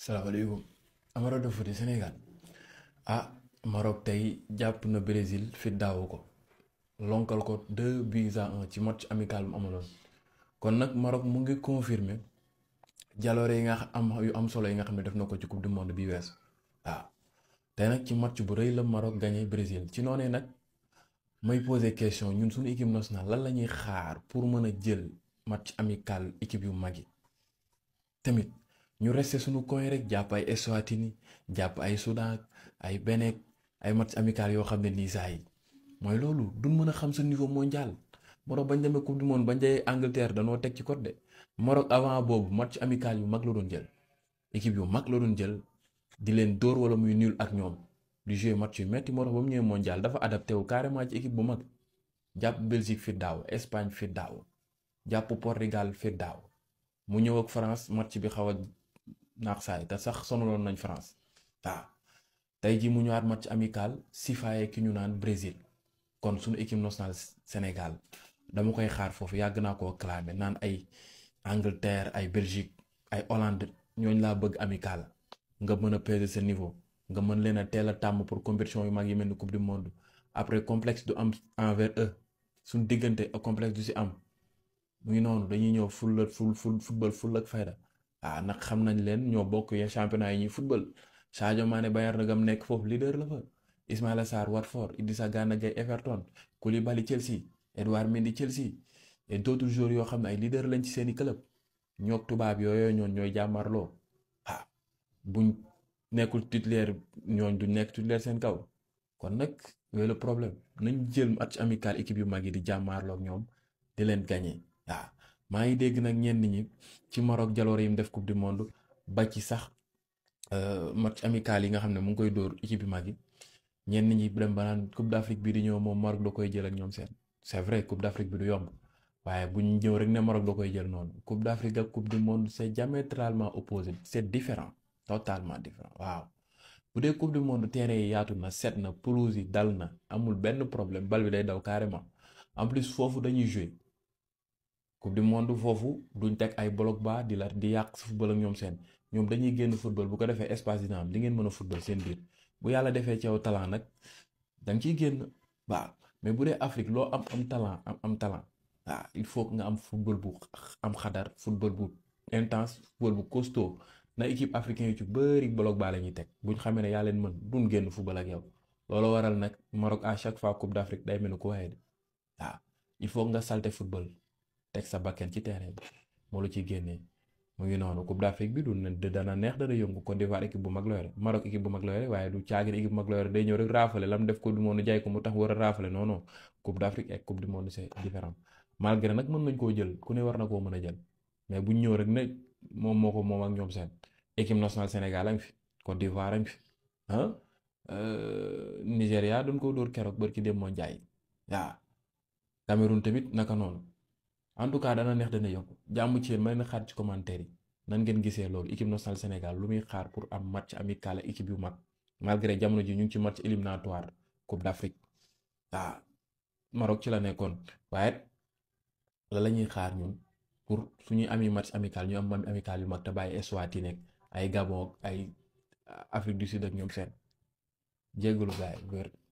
salaamaaleykum Amara Dofouté Sénégal ah Maroc tey jàpp na Brésil fi daawu ko lonkal ko deux buts à un ci match amical mu amaloon kon nag Maroc mu ngi confirmer jaloore yi nga am yu am solo yi nga xam ne def na ko ci coupe du monde bi weesu waaw ah, te nag ci match bu rëy la Maroc gagné Brésil ci noonee nag may poser question ñun suñu équipe nationale lan la ñuy xaar pour mën a jël match amical équipe yu mag yi tamit. ñu resté suñu koy rek jàpp ay Eswatini jàpp ay Soudan ay Benek ay match amical yoo xam ne nii saa yi mooy loolu du mën a xam sa niveau mondial Maroc bañ demee coupe du monde bañ demee Angleterre danoo teg ci côté de avant boobu match amical yu mag la doon jël équipe yu mag la doon jël di leen dóor wala muy nul ak ñoom du jouer match yu metti Maroc ba mu ñëwee mondial dafa adapté wu carrément ci équipe bu mag jàpp Belgique fi daaw Espagne fi daaw jàpp Portugal fi daaw mu ñëw ak France match bi xaw a naax saay te sax sonaloon nañ France waaw tey jii mu ñëwaat match amical si faaye ki ñu naan Brésil kon suñu équipe nationale Sénégal dama koy xaar foofu yàgg naa ko clamé naan ay Angleterre ay Belgique ay Hollande ñooñ laa bëgg amical nga mën a peser sa niveau nga mën leen a teel a tàmm pour compétition yu mag yi mel ni coupe du monde après complexe du am envers eux suñu diggante complexe du si am muy noonu dañuy ñëw ful ful ful football ak fayda ah nag xam nañ leen ñoo bokk ya championnat yi ñuy football Sadio Mané Bayern gam nekk foofu leader la fa Ismaïla Sarr Watford sa Gana Gueye Everton Koulibaly Chelsea Edouard Mendy Chelsea et dootu joueurs yoo xam ne ay leader lañ ci seeni club ñoog tubaab yooyu ñoon ñooy jàmmarloo ah buñ nekkul titulaire ñooñ du nekk titulaire seen kaw kon nag yooyu problème nañ jël match amical équipe yu mag yi di jàmmaarloo ñoom di leen gagné waaw ah, maa ngi dégg nag ñenn ñi ci Maroc jaloor yi mu def coupe du monde ba ci sax euh, match amical yi nga xam ne mu ngi koy dóor équipe yu mag yi ñenn ñi dem ba naan coupe d'Afrique bi di ñëw moom Maroc doo koy jël ak ñoom seen c'est vrai coupe d'Afrique bi du yomb waaye bu ñu ñëw rek ne Maroc koy jël noonu coupe d'Afrique ak coupe du monde c'est diamétralement opposé c'est différent totalement différent waaw bu dee coupe du monde terrain yi yaatu na seet na pelouse yi dal na amul benn problème bal bi day daw carrément en plus foofu dañuy jouer coupe du monde foofu duñ teg ay bloc bas di la di yàq football ak ñoom seen ñoom dañuy génn football bu ko defee espace dina am di ngeen mën a football seen biir bu yàlla defee ci yow talent nag danga ciy génn waaw mais bu dee Afrique loo am am talent am am talent waaw il faut nga am football bu am xadar football bu intense football bu costo na équipe africaine yu ci bëri bloc baa la ñuy teg buñ xamee ne yaa leen mën du génn football ak yow loolu waral à chaque fois coupe d'Afrique day mel ni ku waaye de waaw faut nga salte football teg sa bakken ci terrain bi moo la ci génnee mu ngi noonu Coupe d'Afrique bi du dana neex dana yëngu Côte d'Ivoire équipe bu mag la yore Maroc équipe bu mag la yore waaye du caagin équipe bu mag la yore day ñëw rek raafale lam def ko du moonu jaay ko mu tax war a raafale non non Coupe d'Afrique ak Coupe du nag mën nañ koo jël ku ne war na koo mën a jël mais bu ñëw rek ne moom moo ko moom ak ñoom seen équipe nationale Sénégal am fi Côte d'Ivoire am fi ah euh, Nigéria duñ ko dóor keroog bër ci dem moo jaay waaw Cameroun tamit naka noonu. en tout cas dana neex dana yokk jàmm ci yéen ma leen xaar ci commentaire yi nan ngeen gisee loolu équipe nationale Sénégal lu muy xaar pour am match amical ak équipe yu mag malgré jamono ji ñu ngi ci match éliminatoire Coupe d'Afrique ah ci la nekkoon waaye la la ñuy xaar ñun pour suñuy ami match amical ñu am amical yu mag te bàyyi Eswatini nekk ay Gabon ay Afrique du Sud ak ñoom seen jéggalu gaay